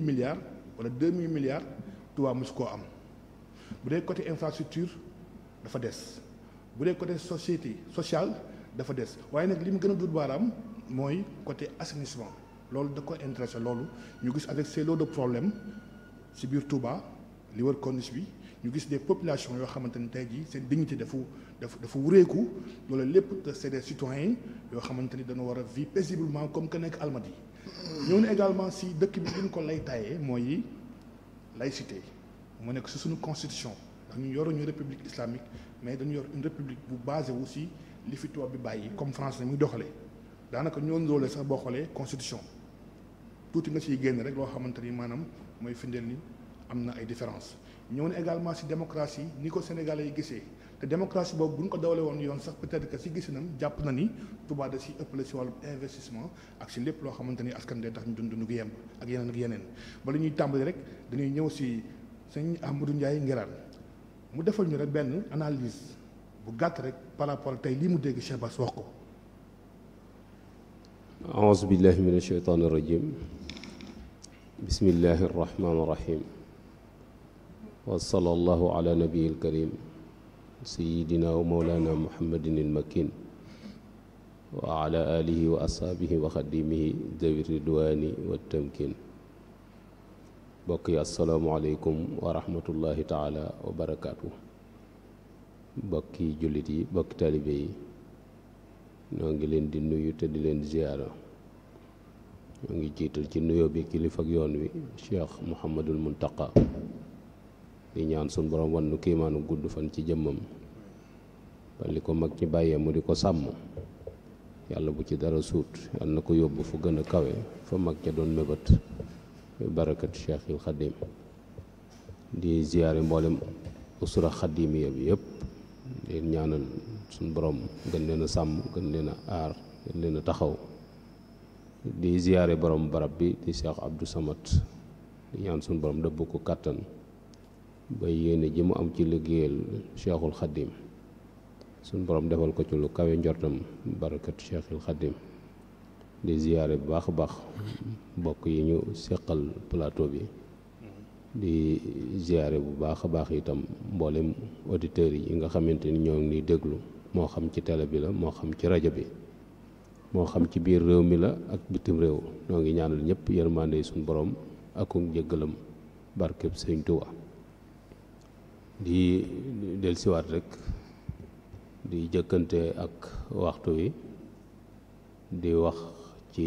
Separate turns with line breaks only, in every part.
milliards wala deux mille milliards Touba mos koo am bu dee côté infrastructure dafa des bu dee côté société sociale dafa des waaye nag li mu gën a dut baaraam mooy côté assainissement loolu da ko intéressé loolu ñu gis avec ces de problème ci biir Touba li wër corniche bi ñu gis des populations yoo xamante ni tey jii seen dignité dafa dafa dafa wureeku loolu lépp c'est des citoyens yoo xamante ni dañoo war a vivre paisiblement comme que nekk Almadies ñëw na également si dëkk bi li ñu ko lay taayee mooy laïcité moo nekk si suñu constitution ndax ñu yoruñu république islamique mais dañu yor une république bu basé wu si li fi tubaab bi bàyyi comme France ne muy doxalee daanaka ñoo ndóole sax boo xoolee constitution tuuti nga siy génn rek loo xamante ni maanaam mooy firndeel ni am na ay différence ñëw na également si démocratie ni ko sénégalais yi gisee. te démocratie boobu bu ñu ko dawale woon yoon sax peut-être que gisinam jàpp na ni Touba da ëpp la si wàllum investissement ak si lépp loo xamante ni askan day tax ñu dund gu yemb ak yeneen ak yeneen bala ñuy tàmbali rek dañuy ñëw si sëñ Amadou Ndiaye Nguirane mu defal ñu rek benn analyse bu gàtt rek par rapport tey lii mu dégg Cheikh Bass wax ko
aouzu billahi min asheytaani rajim bismillahi arrahmaani arrahim wa sallallahu ala nabiyil karim sayidina wa mawlana muhammadin ilmakin wa ala alihi wa ashaabihi wa xadimihi dawi ridwani wa tamkin bokk yi asalaamualeykum wa rahmatullahi taala wa barakaatu bokki jullit yi bokki talibe yi noo ngi leen di nuyu te di leen ziyaara noo ngi jiital ci nuyoo bi kilifa yoon wi cheikh muhammadul muntaqa di ñaan suñ borom wan nu kiimaanu gudd fan ci jëmmam li ko mag ñi bàyyee mu di ko sàmm yàlla bu ci dara suut yàlla na ko yóbbu fu gën a kawe fa mag ña doon mébét barakat Cheikhul Xadim di ziyaare mboolem usura xadimiya bi yëpp di ñaanal suñ boroom gën leen a sàmm gën leen a aar gën leen a taxaw di ziyaare boroom barab bi di Cheikh Abdou Samad di ñaan suñ borom dëbb ko kàttan ba yéene ji mu am ci liggéeyal cheikhul xadim suñ borom defal ko ci lu kawe njortam barakat cheikhul xadim di ziyaare bu baax a baax mbokk yi ñu seqal plateau bi di ziyaare bu baax a baax itam mboolem auditeurs yi nga xamante ni ñoo ngi déglu moo xam ci tele bi la moo xam ci rajo bi moo xam ci biir réew mi la ak bitim réew noo ngi ñaanal ñëpp yërmande suñu borom ak njëggalam barkeb sëñ Tuubaa di dellusiwaat rekk di jëkkante ak waxtu wi di wax ci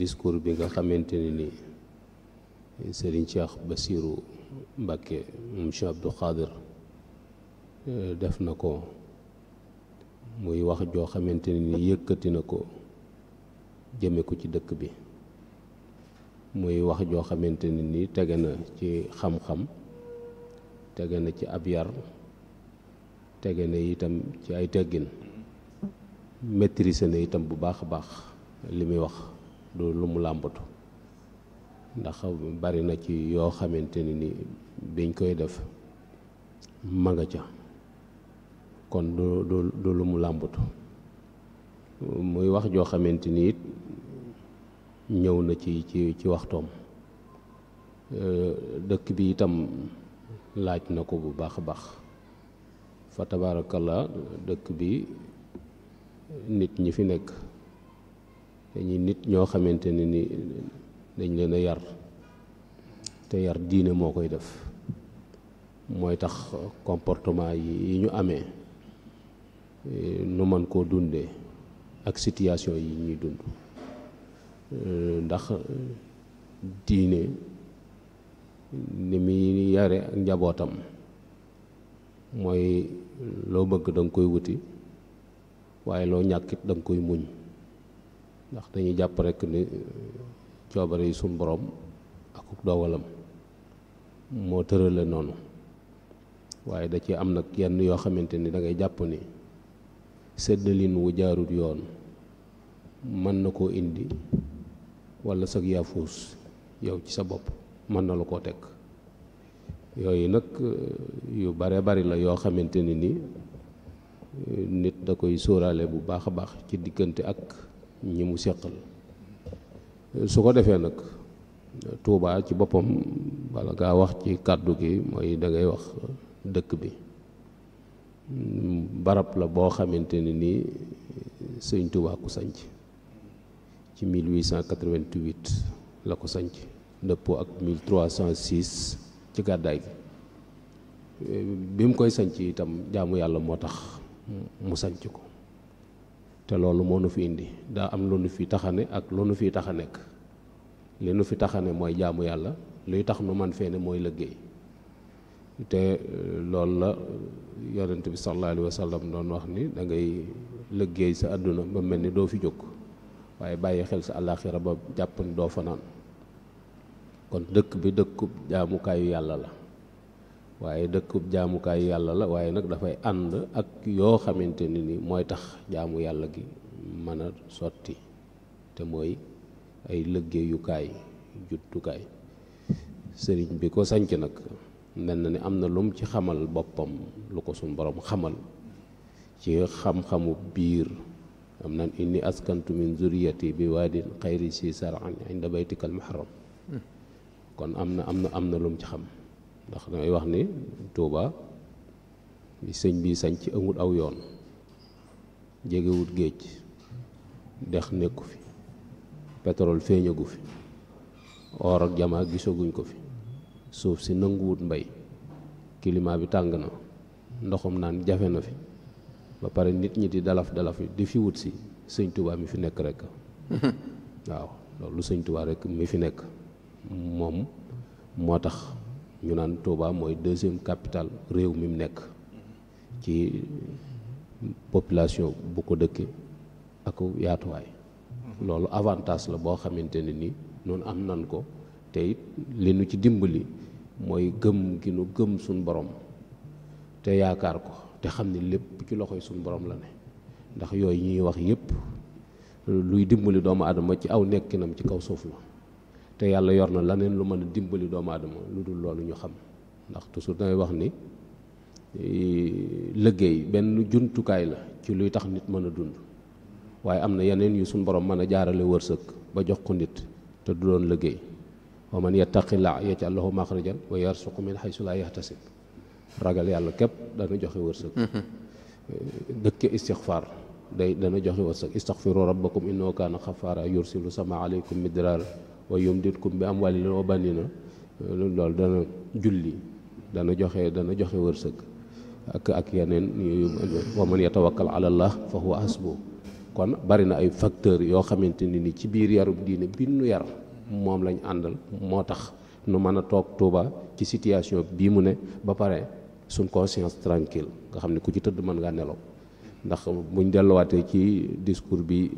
discours bi nga xamante ne ni Serigne Cheikh Bassirou Mbacké moom Cheikh Abdou Khadir euh, def na ko muy wax joo xamante ni yëkkati na ko jëme ko ci dëkk bi muy wax joo xamante ne ni tege na ci xam-xam tege na ci ab yar tege na itam ci ay teggin maîtrisé na itam bu baax a baax li muy wax du lu mu làmbatu ndax bari na ci yoo xamante ni ni biñ koy def ma nga ca kon du du du lu mu làmbatu muy wax joo xamante ni it ñëw na ci ci ci waxtoom dëkk bi itam laaj na ko bu baax a baax fa tabaarakallaa dëkk bi nit ñi fi nekk dañuy nit ñoo xamante ne ni dañ leen a yar te yar diine moo koy def mooy tax comportement yi ñu amee nu man koo dundee ak situation yi ñuy dund ndax diine ni muy yare ak njabootam mooy loo bëgg danga koy wuti waaye loo ñàkkit danga koy muñ ndax dañuy jàpp rekk ni uh, coobare yi suñ boroom ak doogalam moo tërale noonu waaye da ci am nag yenn yoo xamante ni dangay jàpp ni séddalin wu jaarut yoon mën na koo indi walla sag yaafuus yow ci sa bopp mën na la koo teg yooyu nag euh, yu bare bari la yoo xamante ne ni euh, nit da koy sóoraale bu baax a baax ci diggante ak ñi mu seqal euh, su ko defee nag Tuubaa ci boppam bala ngaa wax ci kàddu gi mooy da ngay wax dëkk bi barab la boo xamante ne nii sëñ Tuubaa ku sanc ci la ko sanc dëppoo ak 1306 ci gàddaay gi bi mu koy sanc itam jaamu yàlla moo tax mu sañc ko te loolu moo nu fi indi daa am lu nu fi taxane ak lu nu fi tax a nekk li nu fi taxane mooy jaamu yàlla luy tax nu man fee ne mooy liggéey te euh, loolu la yonent bi sallallahu alayhi wa sallam doon wax ni da ngay liggéey sa àdduna ba mel ni doo fi jóg waaye bàyyi xel sa àllaaxira ba jàpp ni doo fanaan kon dëkk bi dëkkub jaamukaayu yàlla la waaye dëkkub jaamukaayu yàlla la waaye nag dafay ànd ak yoo xamante ne ni mooy tax jaamu yàlla gi mën a sotti te mooy ay liggéeyukaay juttukaay sëriñ bi ko sanc nag mel na ni am na lum ci xamal boppam lu ko suñ borom xamal ci xam-xamu biir am naan inni askantu min zuriyati bi waadin xayri si saran inda baytikal muharram hmm. kon am na am na am na lum ci xam ndax damay wax ni Touba sëñ bii sañ ci amul aw yoon jegewut géej dex nekku fi pétrole feeñagu fi or ak jamaa gisaguñ ko fi suuf si nanguwut mbay climat bi tàng na ndoxum naan jafe na fi ba pare nit ñi di dalaf dalaf di fi wut si sëñ Touba mi fi nekk rek waaw loolu sëñ Touba rek mi fi nekk moom moo tax ñu naan Touba mooy deuxième capital réew mi mu nekk ci population bu ko dëkkee ak yaatuwaay. loolu avantage la boo xamante ne ni noonu am nan ko tey li nu ci dimbali mooy gëm gi nu gëm suñu borom te yaakaar ko te xam ne lépp ci loxoy suñu borom la ne ndax yooyu ñuy wax yépp luy dimbali doomu aadama ci aw nekkinam ci kaw suuf la. te yàlla yor na leneen lu mën a dimbali doomu aadama lu dul loolu ñu xam ndax toujours dangay wax ni eh, liggéey benn jumtukaay la ci luy tax nit mën a dund waaye am na yeneen yu suñ borom mën a jaarale wërsëg ba jox ko nit te du doon liggéey wa man yattaqillaa yaj'al lahu maxrajan wa yarsuqu min haysu laa yahtasib ragal yàlla képp dana joxe wërsëg mm-hmm. dëkke istixfaar day dana joxe wërsëg istaxfiru rabbakum innahu kaana xafaara yursilu sama aleykum midraara wa yumditkum bi amwaalin wa na loolu dana julli dana joxe dana joxe wërsëg ak ak yeneen wa man yatawakkal ala allah fa huwa hasbu kon bari na ay facteurs yoo xamante ni ni ci biir yarub diine bi nu yar moom lañu àndal moo tax nu mën a toog Tuuba ci situation bii mu ne ba pare suñ conscience tranquille nga xam ne ku ci tëdd mën ngaa nelaw ndax buñ delluwaatee ci discours bi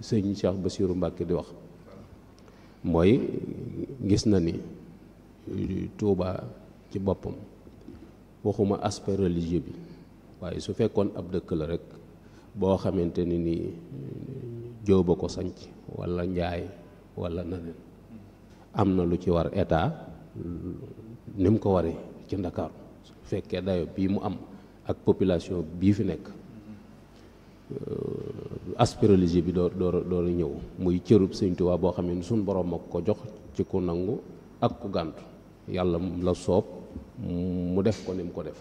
sëñ Cheikh Bassirou Mbacke di wax mooy gis na ni Tuuba ci boppam waxuma aspect religieux bi waaye su fekkoon ab dëkk la rek boo xamante ni ni jóoba ko sanc walla njaay walla naneen am na lu ci war état nim ko waree ci Ndakaaru fekkee dayo bii mu am ak population bii fi nekk aspirologie bi doo doo doo la ñëw muy cërub Sëñ Tuubaa boo xam ne suñ borom moo ko jox ci ku nangu ak ku gàntu yàlla la soob mu def ko ni mu ko def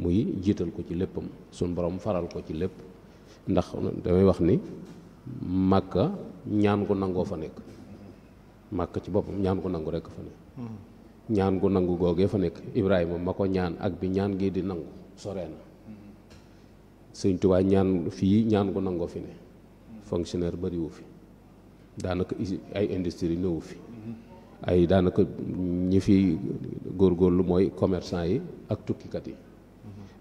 muy jiital ko ci léppam suñ borom faral ko ci lépp ndax damay wax ni màkka ñaan gu nangoo fa nekk màkk ci boppam ñaan gu nangu rekk fa nekk hmm. ñaan gu nangu googee fa nekk Ibrahima ma ko ñaan ak bi ñaan gi di nangu sore na sëñ Tuubaa ñaan fii ñaan gu nangoo fi ne fonctionnaire bëriwu fi daanaka ay industrie néewu fi ay daanaka ñi fi góor góorgóorlu mooy commerçant yi ak tukkikat yi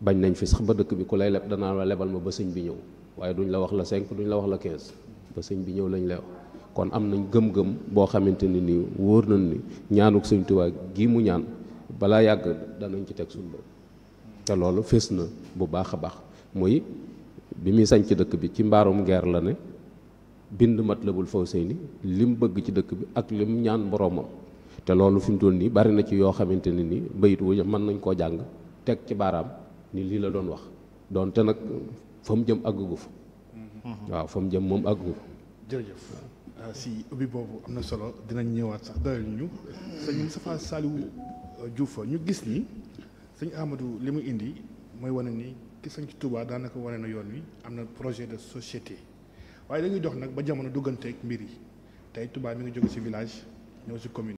bañ nañ fi sax ba dëkk bi ku lay leb danaa la lebal ma ba sëñ bi ñëw waaye duñ la wax la cinq duñ la wax la 15 ba sëñ bi ñëw lañ lay kon am nañ gëm-gëm boo xamante ni nii wóor nañ ni ñaanuk sëñ Tuubaa gii mu ñaan balaa yàgg danañ ci teg suñu bopp te loolu fés na bu baax a baax muy bi muy sañ ci dëkk bi ci mbaarum ngeer la ne bind mat Matlabul Fawzayni lim bëgg ci dëkk bi ak lim ñaan boroomam te loolu fi mu toll nii bari na ci yoo xamante ne ni bayit wu mën nañ koo jàng teg ci baaraam ni lii la doon wax te nag fa mu jëm àggu fa mm-hmm. waaw fa mu jëm moom àggu
fa ah, si ubbi boobu am na solo dinañ ñëwaat sax doyal ñu sëñ Moustapha Saliou euh, Diouf ñu gis ni sëñ Amadou li mu indi mooy wane nii ki sañ ci Touba daanaka wane na yoon wi am na projet de société waaye dañuy dox nag ba jamono dugganteeg mbir yi tey Touba mi ngi jóge ci village ñëw ci commune.